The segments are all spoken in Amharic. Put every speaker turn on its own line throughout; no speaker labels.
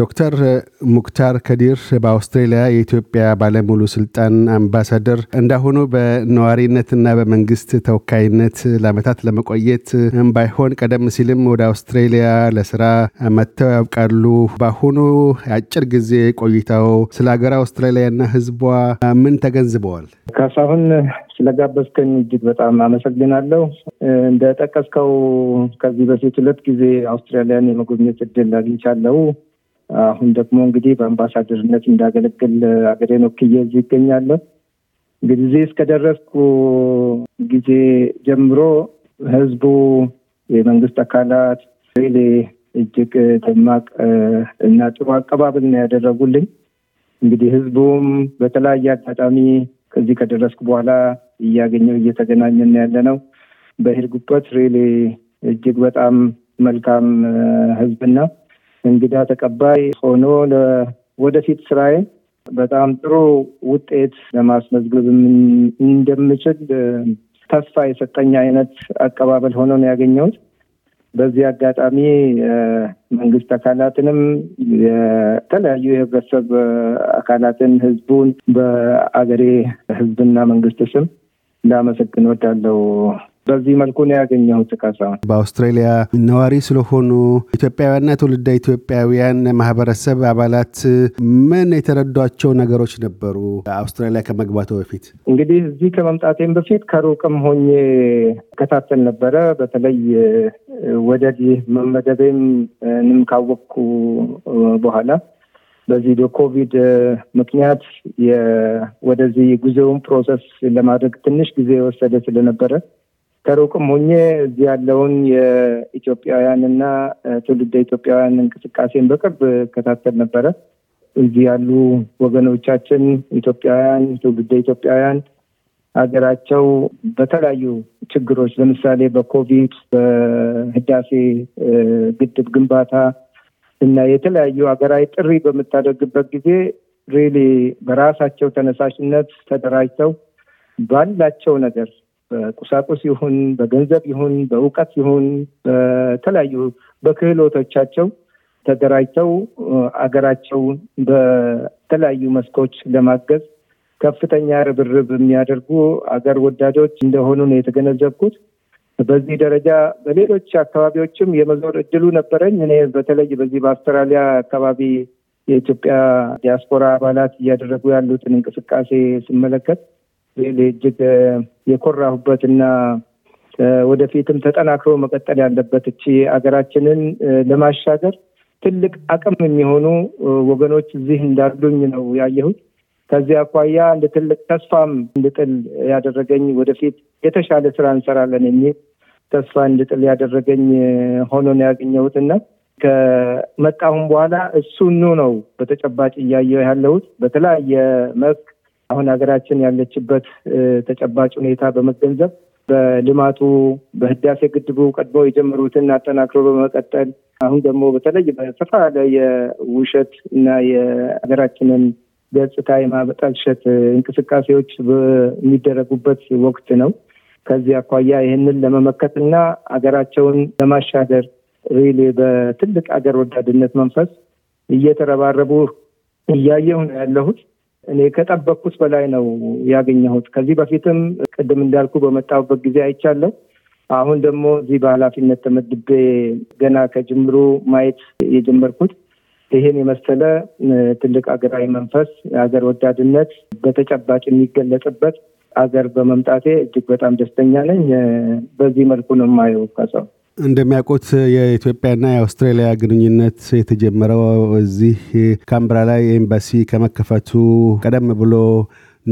ዶክተር ሙክታር ከዲር በአውስትሬልያ የኢትዮጵያ ባለሙሉ ስልጣን አምባሳደር፣ እንዳሁኑ በነዋሪነትና በመንግስት ተወካይነት ለአመታት ለመቆየት ባይሆን ቀደም ሲልም ወደ አውስትሬልያ ለስራ መጥተው ያውቃሉ። በአሁኑ አጭር ጊዜ ቆይታው ስለ ሀገር አውስትራሊያና ህዝቧ ምን ተገንዝበዋል?
ካሳሁን ስለጋበዝከኝ እጅግ በጣም አመሰግናለሁ። እንደጠቀስከው ከዚህ በፊት ሁለት ጊዜ አውስትራሊያን የመጎብኘት እድል አግኝቻለሁ። አሁን ደግሞ እንግዲህ በአምባሳደርነት እንዳገለግል አገሬን ወክዬ እዚህ ይገኛለሁ። እንግዲህ እዚህ እስከደረስኩ ጊዜ ጀምሮ ህዝቡ፣ የመንግስት አካላት ሬሌ እጅግ ደማቅ እና ጥሩ አቀባበል ነው ያደረጉልኝ። እንግዲህ ህዝቡም በተለያየ አጋጣሚ ከዚህ ከደረስኩ በኋላ እያገኘው እየተገናኘን ያለ ነው። በሄድኩበት ሬሌ እጅግ በጣም መልካም ህዝብና እንግዳ ተቀባይ ሆኖ ወደፊት ስራዬ በጣም ጥሩ ውጤት ለማስመዝገብ እንደምችል ተስፋ የሰጠኝ አይነት አቀባበል ሆኖ ነው ያገኘሁት። በዚህ አጋጣሚ መንግስት አካላትንም የተለያዩ የህብረተሰብ አካላትን ህዝቡን በአገሬ ህዝብና መንግስት ስም ላመሰግን ወዳለው በዚህ መልኩ ነው ያገኘሁት። ካሳሁን
በአውስትራሊያ ነዋሪ ስለሆኑ ኢትዮጵያውያንና ትውልደ ኢትዮጵያውያን ማህበረሰብ አባላት ምን የተረዷቸው ነገሮች ነበሩ? አውስትራሊያ ከመግባቱ በፊት
እንግዲህ እዚህ ከመምጣቴም በፊት ከሩቅም ሆኜ ከታተል ነበረ። በተለይ ወደዚህ መመደቤንም ካወቅኩ በኋላ በዚህ በኮቪድ ምክንያት ወደዚህ ጉዞውን ፕሮሰስ ለማድረግ ትንሽ ጊዜ የወሰደ ስለነበረ ከሩቅም ሆኜ እዚህ ያለውን የኢትዮጵያውያንና ትውልደ ኢትዮጵያውያን እንቅስቃሴን በቅርብ እከታተል ነበረ። እዚህ ያሉ ወገኖቻችን ኢትዮጵያውያን፣ ትውልደ ኢትዮጵያውያን ሀገራቸው በተለያዩ ችግሮች ለምሳሌ በኮቪድ፣ በህዳሴ ግድብ ግንባታ እና የተለያዩ ሀገራዊ ጥሪ በምታደርግበት ጊዜ ሪሊ በራሳቸው ተነሳሽነት ተደራጅተው ባላቸው ነገር በቁሳቁስ ይሁን በገንዘብ ይሁን በእውቀት ይሁን በተለያዩ በክህሎቶቻቸው ተደራጅተው አገራቸው በተለያዩ መስኮች ለማገዝ ከፍተኛ ርብርብ የሚያደርጉ አገር ወዳዶች እንደሆኑ ነው የተገነዘብኩት። በዚህ ደረጃ በሌሎች አካባቢዎችም የመዞር እድሉ ነበረኝ። እኔ በተለይ በዚህ በአውስትራሊያ አካባቢ የኢትዮጵያ ዲያስፖራ አባላት እያደረጉ ያሉትን እንቅስቃሴ ስመለከት እጅግ የኮራሁበት እና ወደፊትም ተጠናክሮ መቀጠል ያለበት እቺ ሀገራችንን ለማሻገር ትልቅ አቅም የሚሆኑ ወገኖች እዚህ እንዳሉኝ ነው ያየሁት። ከዚህ አኳያ እንደ ትልቅ ተስፋም እንድጥል ያደረገኝ ወደፊት የተሻለ ስራ እንሰራለን የሚል ተስፋ እንድጥል ያደረገኝ ሆኖ ነው ያገኘሁትና ከመጣሁም በኋላ እሱኑ ነው በተጨባጭ እያየሁ ያለሁት። በተለያየ መክ አሁን ሀገራችን ያለችበት ተጨባጭ ሁኔታ በመገንዘብ በልማቱ በህዳሴ ግድቡ ቀድሞ የጀመሩትን አጠናክሮ በመቀጠል አሁን ደግሞ በተለይ በሰፋ ያለ የውሸት እና የሀገራችንን ገጽታ የማበጣሸት እንቅስቃሴዎች በሚደረጉበት ወቅት ነው። ከዚህ አኳያ ይህንን ለመመከት እና ሀገራቸውን ለማሻገር ሪል በትልቅ ሀገር ወዳድነት መንፈስ እየተረባረቡ እያየሁ ነው ያለሁት። እኔ ከጠበቅኩት በላይ ነው ያገኘሁት። ከዚህ በፊትም ቅድም እንዳልኩ በመጣሁበት ጊዜ አይቻለሁ። አሁን ደግሞ እዚህ በኃላፊነት ተመድቤ ገና ከጅምሩ ማየት የጀመርኩት ይህን የመሰለ ትልቅ ሀገራዊ መንፈስ፣ የሀገር ወዳድነት በተጨባጭ የሚገለጽበት አገር በመምጣቴ እጅግ በጣም ደስተኛ ነኝ። በዚህ መልኩ ነው የማየው።
እንደሚያውቁት የኢትዮጵያና የአውስትራሊያ ግንኙነት የተጀመረው እዚህ ካምብራ ላይ ኤምባሲ ከመከፈቱ ቀደም ብሎ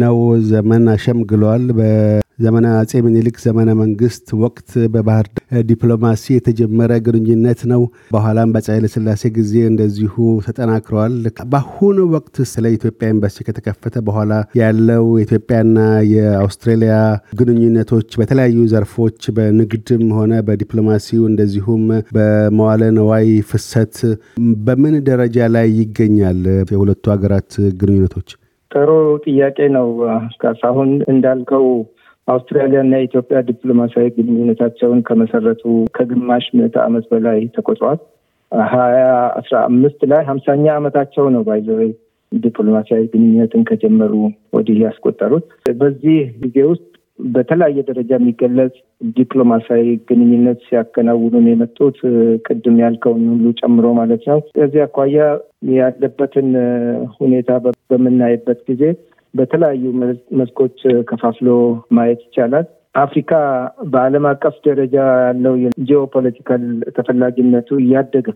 ነው ዘመን አሸምግለዋል። በዘመነ አጼ ምኒልክ ዘመነ መንግስት ወቅት በባህር ዲፕሎማሲ የተጀመረ ግንኙነት ነው። በኋላም በአፄ ኃይለሥላሴ ጊዜ እንደዚሁ ተጠናክረዋል። በአሁኑ ወቅት ስለ ኢትዮጵያ ኤምባሲ ከተከፈተ በኋላ ያለው የኢትዮጵያና የአውስትሬሊያ ግንኙነቶች በተለያዩ ዘርፎች በንግድም ሆነ በዲፕሎማሲው እንደዚሁም በመዋለ ነዋይ ፍሰት በምን ደረጃ ላይ ይገኛል? የሁለቱ ሀገራት ግንኙነቶች
ጥሩ ጥያቄ ነው ካሳሁን እንዳልከው አውስትራሊያ አውስትራሊያና የኢትዮጵያ ዲፕሎማሲያዊ ግንኙነታቸውን ከመሰረቱ ከግማሽ ምዕተ ዓመት በላይ ተቆጥሯል። ሀያ አስራ አምስት ላይ ሀምሳኛ ዓመታቸው ነው ባይዘወ ዲፕሎማሲያዊ ግንኙነትን ከጀመሩ ወዲህ ያስቆጠሩት። በዚህ ጊዜ ውስጥ በተለያየ ደረጃ የሚገለጽ ዲፕሎማሲያዊ ግንኙነት ሲያከናውኑን የመጡት ቅድም ያልከውን ሁሉ ጨምሮ ማለት ነው። ከዚህ አኳያ ያለበትን ሁኔታ በምናይበት ጊዜ በተለያዩ መስኮች ከፋፍሎ ማየት ይቻላል። አፍሪካ በዓለም አቀፍ ደረጃ ያለው ጂኦፖለቲካል ተፈላጊነቱ እያደገ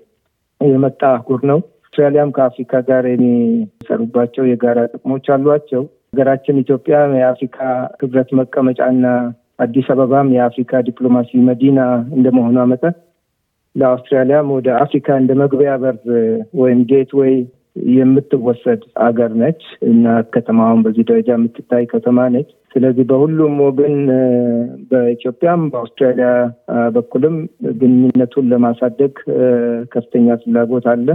የመጣ አህጉር ነው። አውስትራሊያም ከአፍሪካ ጋር የሚሰሩባቸው የጋራ ጥቅሞች አሏቸው። ሀገራችን ኢትዮጵያ የአፍሪካ ህብረት መቀመጫና አዲስ አበባም የአፍሪካ ዲፕሎማሲ መዲና እንደመሆኗ መጠን ለአውስትራሊያም ወደ አፍሪካ እንደ መግቢያ በር ወይም ጌትዌይ የምትወሰድ አገር ነች እና ከተማውን በዚህ ደረጃ የምትታይ ከተማ ነች። ስለዚህ በሁሉም ወገን በኢትዮጵያም በአውስትራሊያ በኩልም ግንኙነቱን ለማሳደግ ከፍተኛ ፍላጎት አለ።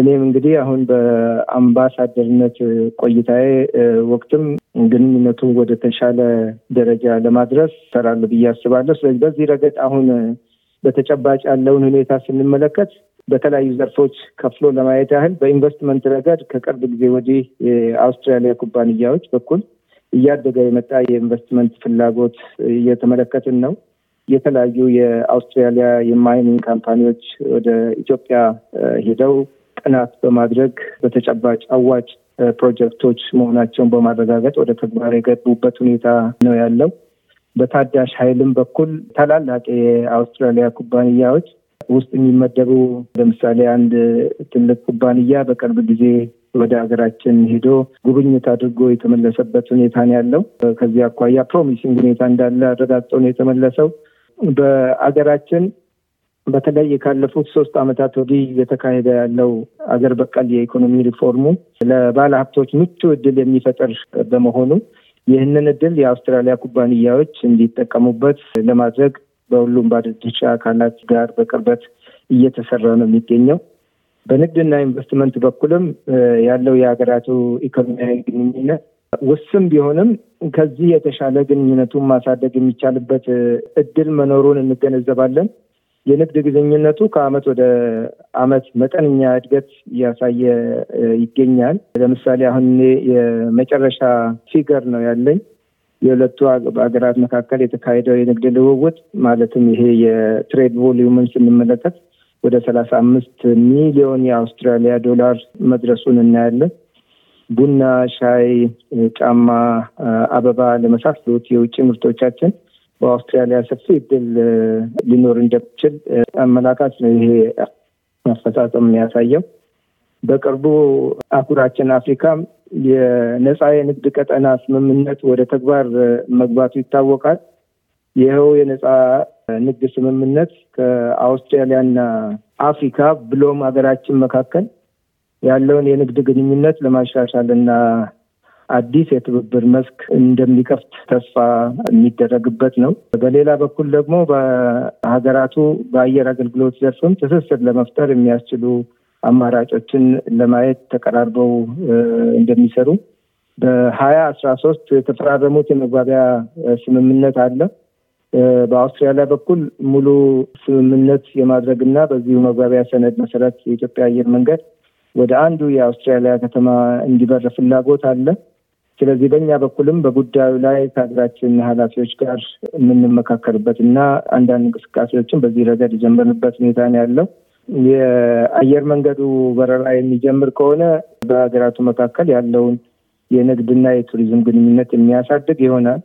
እኔም እንግዲህ አሁን በአምባሳደርነት ቆይታዬ ወቅትም ግንኙነቱን ወደ ተሻለ ደረጃ ለማድረስ ሰራለሁ ብዬ አስባለሁ። ስለዚህ በዚህ ረገድ አሁን በተጨባጭ ያለውን ሁኔታ ስንመለከት በተለያዩ ዘርፎች ከፍሎ ለማየት ያህል በኢንቨስትመንት ረገድ ከቅርብ ጊዜ ወዲህ የአውስትራሊያ ኩባንያዎች በኩል እያደገ የመጣ የኢንቨስትመንት ፍላጎት እየተመለከትን ነው። የተለያዩ የአውስትራሊያ የማይኒንግ ካምፓኒዎች ወደ ኢትዮጵያ ሄደው ጥናት በማድረግ በተጨባጭ አዋጭ ፕሮጀክቶች መሆናቸውን በማረጋገጥ ወደ ተግባር የገቡበት ሁኔታ ነው ያለው። በታዳሽ ኃይልም በኩል ታላላቅ የአውስትራሊያ ኩባንያዎች ውስጥ የሚመደቡ ለምሳሌ አንድ ትልቅ ኩባንያ በቅርብ ጊዜ ወደ ሀገራችን ሄዶ ጉብኝት አድርጎ የተመለሰበት ሁኔታ ነው ያለው። ከዚህ አኳያ ፕሮሚሲንግ ሁኔታ እንዳለ አረጋግጦ ነው የተመለሰው። በአገራችን በተለይ ካለፉት ሶስት ዓመታት ወዲህ እየተካሄደ ያለው አገር በቀል የኢኮኖሚ ሪፎርሙ ለባለ ሀብቶች ምቹ እድል የሚፈጠር በመሆኑ ይህንን እድል የአውስትራሊያ ኩባንያዎች እንዲጠቀሙበት ለማድረግ በሁሉም ባለድርሻ አካላት ጋር በቅርበት እየተሰራ ነው የሚገኘው። በንግድና ኢንቨስትመንት በኩልም ያለው የሀገራቱ ኢኮኖሚያዊ ግንኙነት ውስን ቢሆንም ከዚህ የተሻለ ግንኙነቱን ማሳደግ የሚቻልበት እድል መኖሩን እንገነዘባለን። የንግድ ግንኙነቱ ከአመት ወደ አመት መጠነኛ እድገት እያሳየ ይገኛል። ለምሳሌ አሁን የመጨረሻ ፊገር ነው ያለኝ የሁለቱ ሀገራት መካከል የተካሄደው የንግድ ልውውጥ ማለትም ይሄ የትሬድ ቮሊዩምን ስንመለከት ወደ ሰላሳ አምስት ሚሊዮን የአውስትራሊያ ዶላር መድረሱን እናያለን። ቡና፣ ሻይ፣ ጫማ፣ አበባ ለመሳሰሉት የውጭ ምርቶቻችን በአውስትራሊያ ሰፊ እድል ሊኖር እንደሚችል አመላካች ነው። ይሄ አፈጻጸም የሚያሳየው በቅርቡ አህጉራችን አፍሪካም የነፃ የንግድ ቀጠና ስምምነት ወደ ተግባር መግባቱ ይታወቃል። ይኸው የነፃ ንግድ ስምምነት ከአውስትራሊያና አፍሪካ ብሎም ሀገራችን መካከል ያለውን የንግድ ግንኙነት ለማሻሻል እና አዲስ የትብብር መስክ እንደሚከፍት ተስፋ የሚደረግበት ነው። በሌላ በኩል ደግሞ በሀገራቱ በአየር አገልግሎት ዘርፍም ትስስር ለመፍጠር የሚያስችሉ አማራጮችን ለማየት ተቀራርበው እንደሚሰሩ በሀያ አስራ ሶስት የተፈራረሙት የመግባቢያ ስምምነት አለ። በአውስትራሊያ በኩል ሙሉ ስምምነት የማድረግና በዚሁ መግባቢያ ሰነድ መሰረት የኢትዮጵያ አየር መንገድ ወደ አንዱ የአውስትራሊያ ከተማ እንዲበር ፍላጎት አለ። ስለዚህ በእኛ በኩልም በጉዳዩ ላይ ከሀገራችን ኃላፊዎች ጋር የምንመካከርበት እና አንዳንድ እንቅስቃሴዎችን በዚህ ረገድ የጀመርንበት ሁኔታ ነው ያለው። የአየር መንገዱ በረራ የሚጀምር ከሆነ በሀገራቱ መካከል ያለውን የንግድና የቱሪዝም ግንኙነት የሚያሳድግ ይሆናል።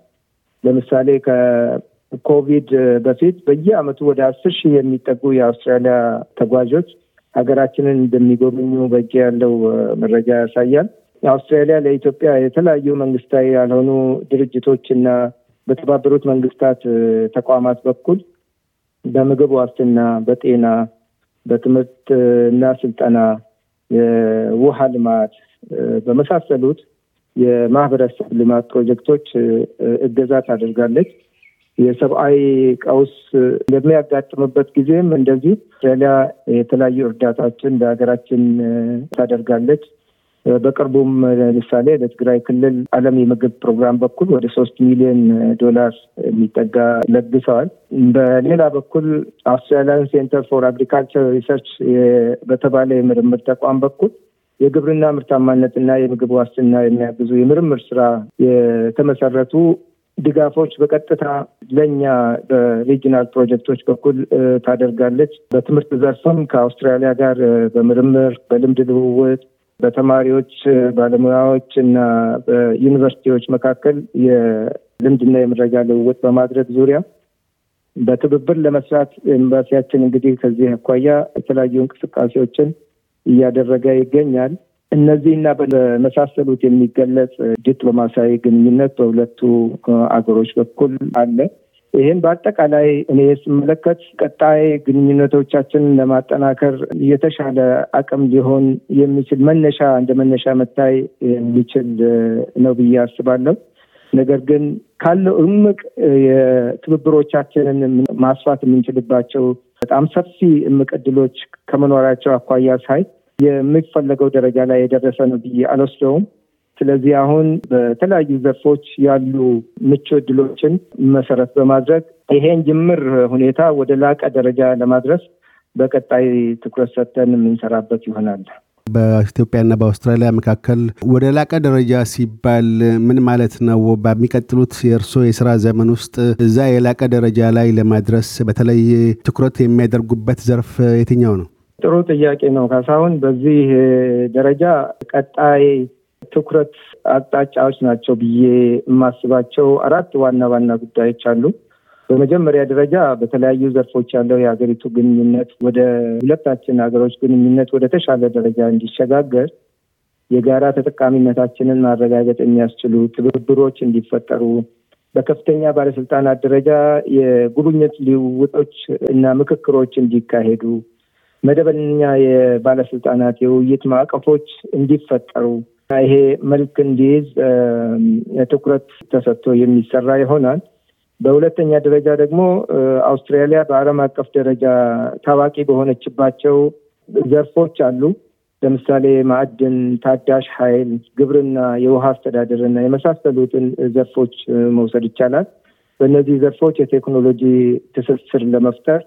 ለምሳሌ ከኮቪድ በፊት በየዓመቱ ወደ አስር ሺህ የሚጠጉ የአውስትራሊያ ተጓዦች ሀገራችንን እንደሚጎበኙ በእጅ ያለው መረጃ ያሳያል። አውስትራሊያ ለኢትዮጵያ የተለያዩ መንግስታዊ ያልሆኑ ድርጅቶች እና በተባበሩት መንግስታት ተቋማት በኩል በምግብ ዋስትና፣ በጤና፣ በትምህርት እና ስልጠና፣ የውሃ ልማት በመሳሰሉት የማህበረሰብ ልማት ፕሮጀክቶች እገዛ ታደርጋለች። የሰብአዊ ቀውስ በሚያጋጥምበት ጊዜም እንደዚህ አውስትራሊያ የተለያዩ እርዳታዎችን በሀገራችን ታደርጋለች። በቅርቡም ለምሳሌ ለትግራይ ክልል ዓለም የምግብ ፕሮግራም በኩል ወደ ሶስት ሚሊዮን ዶላር የሚጠጋ ለግሰዋል። በሌላ በኩል አውስትራሊያን ሴንተር ፎር አግሪካልቸር ሪሰርች በተባለ የምርምር ተቋም በኩል የግብርና ምርታማነትና የምግብ ዋስትና የሚያግዙ የምርምር ስራ የተመሰረቱ ድጋፎች በቀጥታ ለእኛ በሪጂናል ፕሮጀክቶች በኩል ታደርጋለች። በትምህርት ዘርፍም ከአውስትራሊያ ጋር በምርምር በልምድ ልውውጥ በተማሪዎች ባለሙያዎች እና በዩኒቨርሲቲዎች መካከል የልምድና የመረጃ ልውውጥ በማድረግ ዙሪያ በትብብር ለመስራት ኤምባሲያችን እንግዲህ ከዚህ አኳያ የተለያዩ እንቅስቃሴዎችን እያደረገ ይገኛል። እነዚህና በመሳሰሉት የሚገለጽ ዲፕሎማሲያዊ በማሳይ ግንኙነት በሁለቱ አገሮች በኩል አለ። ይህን በአጠቃላይ እኔ ስመለከት ቀጣይ ግንኙነቶቻችንን ለማጠናከር የተሻለ አቅም ሊሆን የሚችል መነሻ እንደ መነሻ መታይ የሚችል ነው ብዬ አስባለሁ። ነገር ግን ካለው እምቅ የትብብሮቻችንን ማስፋት የምንችልባቸው በጣም ሰፊ እምቅ እድሎች ከመኖራቸው አኳያ ሳይ የሚፈለገው ደረጃ ላይ የደረሰ ነው ብዬ አልወስደውም። ስለዚህ አሁን በተለያዩ ዘርፎች ያሉ ምቹ እድሎችን መሰረት በማድረግ ይሄን ጅምር ሁኔታ ወደ ላቀ ደረጃ ለማድረስ በቀጣይ ትኩረት ሰጥተን የምንሰራበት ይሆናል።
በኢትዮጵያና በአውስትራሊያ መካከል ወደ ላቀ ደረጃ ሲባል ምን ማለት ነው? በሚቀጥሉት የእርሶ የስራ ዘመን ውስጥ እዛ የላቀ ደረጃ ላይ ለማድረስ በተለይ ትኩረት የሚያደርጉበት ዘርፍ የትኛው ነው?
ጥሩ ጥያቄ ነው ካሳሁን። በዚህ ደረጃ ቀጣይ ትኩረት አቅጣጫዎች ናቸው ብዬ የማስባቸው አራት ዋና ዋና ጉዳዮች አሉ። በመጀመሪያ ደረጃ በተለያዩ ዘርፎች ያለው የሀገሪቱ ግንኙነት ወደ ሁለታችን ሀገሮች ግንኙነት ወደ ተሻለ ደረጃ እንዲሸጋገር የጋራ ተጠቃሚነታችንን ማረጋገጥ የሚያስችሉ ትብብሮች እንዲፈጠሩ በከፍተኛ ባለስልጣናት ደረጃ የጉብኝት ልውውጦች እና ምክክሮች እንዲካሄዱ፣ መደበኛ የባለስልጣናት የውይይት ማዕቀፎች እንዲፈጠሩ ይሄ መልክ እንዲይዝ ትኩረት ተሰጥቶ የሚሰራ ይሆናል። በሁለተኛ ደረጃ ደግሞ አውስትራሊያ በዓለም አቀፍ ደረጃ ታዋቂ በሆነችባቸው ዘርፎች አሉ። ለምሳሌ ማዕድን፣ ታዳሽ ኃይል፣ ግብርና፣ የውሃ አስተዳደርና የመሳሰሉትን ዘርፎች መውሰድ ይቻላል። በእነዚህ ዘርፎች የቴክኖሎጂ ትስስር ለመፍጠር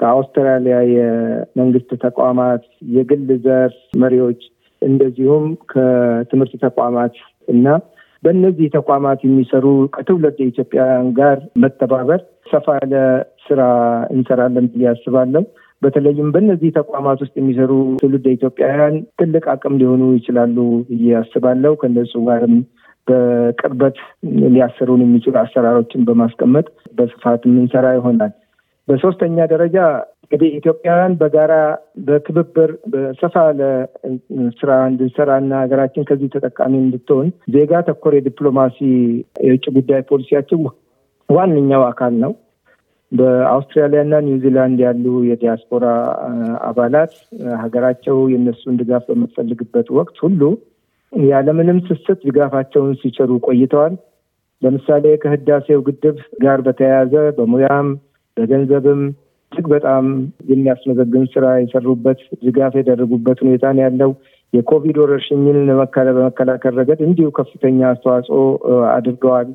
ከአውስትራሊያ የመንግስት ተቋማት፣ የግል ዘርፍ መሪዎች እንደዚሁም ከትምህርት ተቋማት እና በእነዚህ ተቋማት የሚሰሩ ከትውልድ ኢትዮጵያውያን ጋር መተባበር ሰፋ ያለ ስራ እንሰራለን ብዬ አስባለሁ። በተለይም በእነዚህ ተቋማት ውስጥ የሚሰሩ ትውልድ ኢትዮጵያውያን ትልቅ አቅም ሊሆኑ ይችላሉ ብዬ አስባለሁ። ከነሱ ጋርም በቅርበት ሊያሰሩን የሚችሉ አሰራሮችን በማስቀመጥ በስፋት የምንሰራ ይሆናል። በሶስተኛ ደረጃ እንግዲህ ኢትዮጵያውያን በጋራ በትብብር በሰፋ ለስራ እንድንሰራ እና ሀገራችን ከዚህ ተጠቃሚ እንድትሆን ዜጋ ተኮር የዲፕሎማሲ የውጭ ጉዳይ ፖሊሲያችን ዋነኛው አካል ነው። በአውስትራሊያ እና ኒውዚላንድ ያሉ የዲያስፖራ አባላት ሀገራቸው የእነሱን ድጋፍ በምትፈልግበት ወቅት ሁሉ ያለምንም ስስት ድጋፋቸውን ሲቸሩ ቆይተዋል። ለምሳሌ ከህዳሴው ግድብ ጋር በተያያዘ በሙያም በገንዘብም እጅግ በጣም የሚያስመዘግን ስራ የሰሩበት ድጋፍ የደረጉበት ሁኔታ ነው ያለው። የኮቪድ ወረርሽኝን በመከላከል ረገድ እንዲሁ ከፍተኛ አስተዋጽኦ አድርገዋል።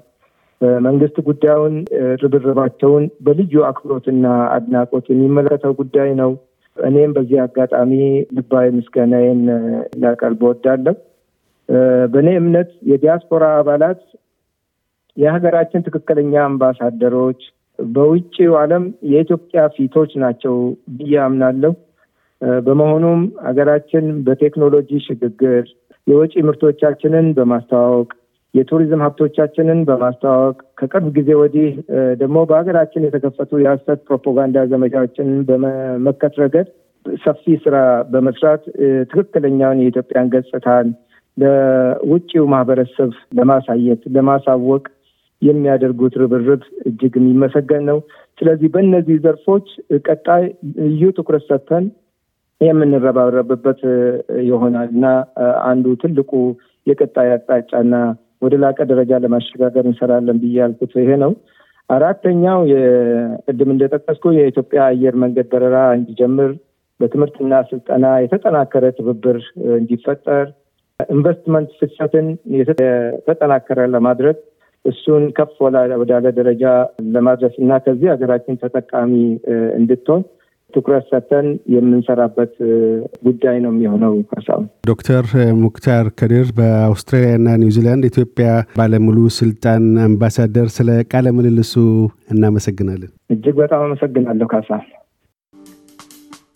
መንግስት ጉዳዩን ርብርባቸውን በልዩ አክብሮትና አድናቆት የሚመለከተው ጉዳይ ነው። እኔም በዚህ አጋጣሚ ልባዊ ምስጋናዬን ላቀርብ እወዳለሁ። በእኔ እምነት የዲያስፖራ አባላት የሀገራችን ትክክለኛ አምባሳደሮች በውጭው ዓለም የኢትዮጵያ ፊቶች ናቸው ብዬ አምናለሁ። በመሆኑም ሀገራችን በቴክኖሎጂ ሽግግር የወጪ ምርቶቻችንን በማስተዋወቅ የቱሪዝም ሀብቶቻችንን በማስተዋወቅ ከቅርብ ጊዜ ወዲህ ደግሞ በሀገራችን የተከፈቱ የሀሰት ፕሮፓጋንዳ ዘመቻዎችን በመመከት ረገድ ሰፊ ስራ በመስራት ትክክለኛውን የኢትዮጵያን ገጽታን ለውጭው ማህበረሰብ ለማሳየት ለማሳወቅ የሚያደርጉት ርብርብ እጅግ የሚመሰገን ነው። ስለዚህ በእነዚህ ዘርፎች ቀጣይ ልዩ ትኩረት ሰጥተን የምንረባረብበት ይሆናል እና አንዱ ትልቁ የቀጣይ አቅጣጫና ወደ ላቀ ደረጃ ለማሸጋገር እንሰራለን ብዬ ያልኩት ይሄ ነው። አራተኛው ቅድም እንደጠቀስኩ የኢትዮጵያ አየር መንገድ በረራ እንዲጀምር በትምህርትና ስልጠና የተጠናከረ ትብብር እንዲፈጠር ኢንቨስትመንት ፍሰትን የተጠናከረ ለማድረግ እሱን ከፍ ወዳለ ደረጃ ለማድረስ እና ከዚህ ሀገራችን ተጠቃሚ እንድትሆን ትኩረት ሰጥተን የምንሰራበት ጉዳይ ነው የሚሆነው። ሀሳብ
ዶክተር ሙክታር ከድር በአውስትራሊያና ኒውዚላንድ ኢትዮጵያ ባለሙሉ ስልጣን አምባሳደር፣ ስለ ቃለ ምልልሱ እናመሰግናለን። እጅግ በጣም አመሰግናለሁ ካሳ።